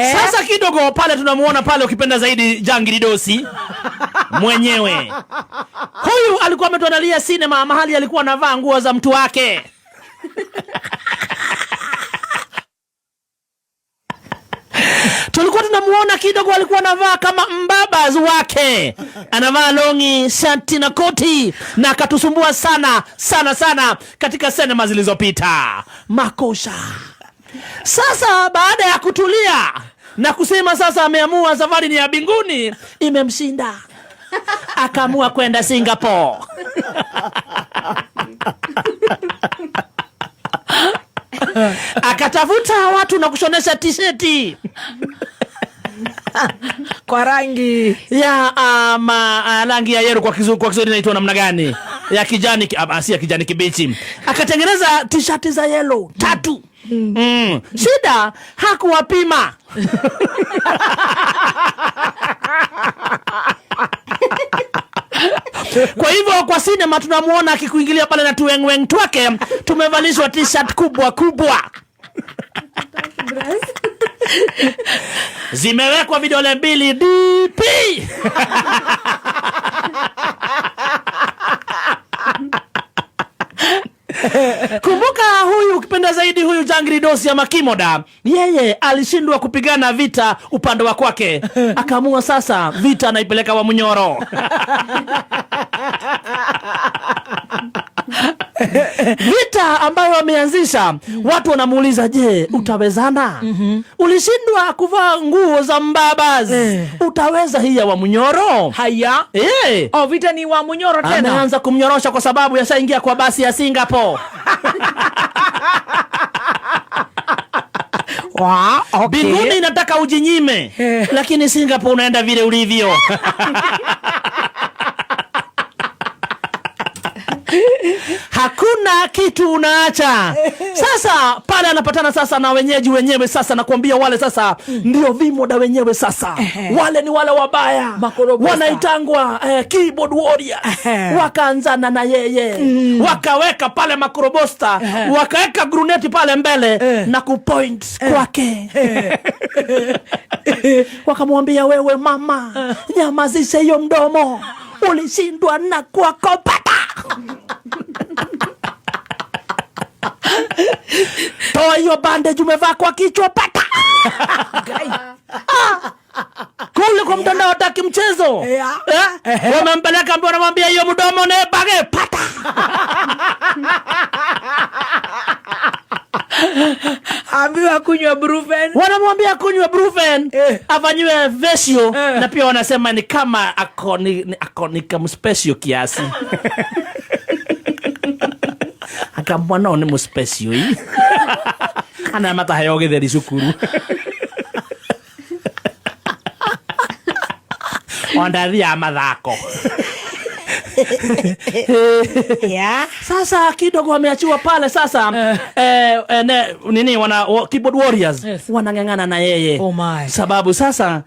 Eh? Sasa kidogo pale tunamuona pale ukipenda zaidi Jangi Didosi mwenyewe. Huyu alikuwa ametuandalia sinema mahali alikuwa anavaa nguo za mtu wake. Tulikuwa tunamuona kidogo alikuwa anavaa kama mbabaz wake. Anavaa longi, shati na koti na akatusumbua sana sana sana katika sinema zilizopita. Makosha. Sasa baada ya kutulia na kusema sasa ameamua safari ni ya binguni, imemshinda akaamua kwenda Singapore. akatafuta watu na kushonesha tisheti kwa rangi ya ama, ah, rangi ya yeru kwa Kiswahili naitwa namna gani? ya kijani ah, si ya kijani kibichi, akatengeneza tishati za yellow tatu. Mm. Mm. Shida hakuwapima Kwa hivyo kwa sinema tunamwona akikuingilia pale na tuwengweng twake, tumevalishwa t-shirt kubwa kubwa zimewekwa vidole mbili DP Kumbuka huyu ukipenda zaidi huyu Jangri Dosi ya Makimoda, yeye alishindwa kupigana vita upande wa kwake, akaamua sasa vita anaipeleka wa Munyoro. vita ambayo wameanzisha watu wanamuuliza, je, utawezana? Mm-hmm. Ulishindwa kuvaa nguo za mbabazi eh. Utaweza hii ya Wamunyoro? Haya eh. Oh, vita ni Wamunyoro tena, ameanza kumnyorosha kwa sababu yashaingia kwa basi ya Singapore Wow, okay. Binguni inataka ujinyime, eh. lakini Singapore unaenda vile ulivyo hakuna kitu unaacha. Sasa pale anapatana sasa na wenyeji wenyewe, sasa nakuambia wale sasa mm. ndio vimoda wenyewe sasa wale ni wale wabaya wanaitangwa eh, keyboard warrior wakaanzana na yeye mm. wakaweka pale makrobosta wakaweka gruneti pale mbele eh. na kupoint eh. kwake eh. wakamwambia wewe mama, eh. nyamazishe hiyo mdomo, ulishindwa na kuakopata toa hiyo bandage umevaa kwa kichwa pata ah! kule kwa mtandao mchezo yeah. eh? wamempeleka mbi wanamwambia hiyo mdomo nebage pata ambiwa kunywa brufen, wanamwambia kunywa brufen eh, afanyiwe vesio eh, na pia wanasema ni kama ni, akonikmspesio ako, kiasi akamwana ni muspesio i ana mataheo githeri cukuru ondathiaga mathako Sasa kidogo wameachiwa pale sasa eh, eh, eh ne, nini wana keyboard warriors yes. wanang'ang'ana na yeye oh my. Sababu sasa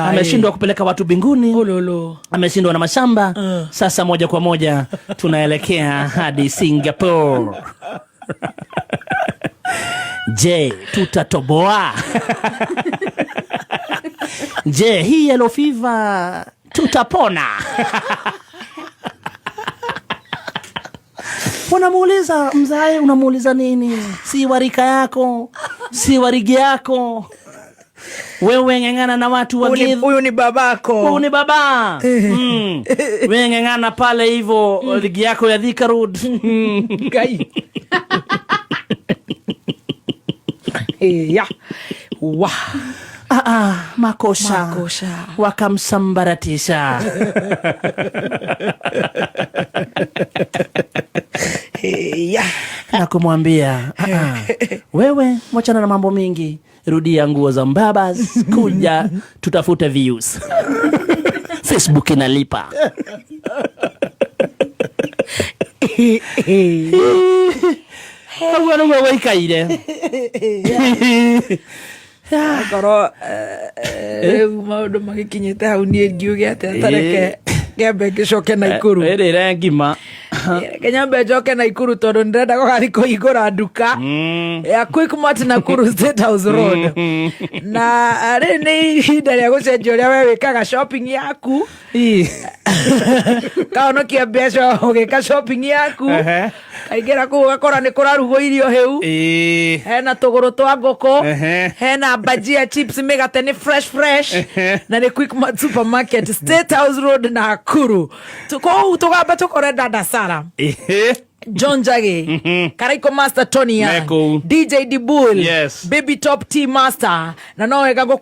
ameshindwa kupeleka watu binguni oh, ameshindwa na mashamba uh. Sasa moja kwa moja tunaelekea hadi Singapore. Je, tutatoboa? Je, hii yellow fever tutapona? wanamuuliza mzae, unamuuliza nini? Si warika yako, si warigi yako wewe ng'ang'ana na watu wageni. Huyu ni babako, huyu ni baba mm. Wewe ng'ang'ana pale hivyo mm. ligi yako ya Thika Road kai eh, ya wa ah, ah, makosha, makosha. Wakamsambaratisha yeah. na kumwambia ah, ah, wewe, mwachana na mambo mingi, rudia nguo za mbabas, kuja tutafute views Facebook inalipa. aguo niguo gwaikaire ah. korwo riu eh, eh, eh? maundu magikinyite hau nie ngiuge ati atareke ngiambe ngicoke Naikuru ikuru ngima kenya kenyambe njoke naikuru tondu ndirenda gogathi kuhingura nduka mm. ya quick na kuru state house road mm-hmm. na uh, ri ni ihinda ria gucenjia uria we wikaga shopping yaku kahonokia mbeca ugika shopping yaku kaingä kå gakora ni kurarugo irio hä u hena tå gå rå twa ngå hena bajia chips mä gate fresh fresh na ni quick mart supermarket state house road na akuru koguo tå gamba dada korenda ndasara John Jage, mm -hmm. Karaiko Master Tony Young, DJ Dibul, yes. Baby Top T Master, na no wega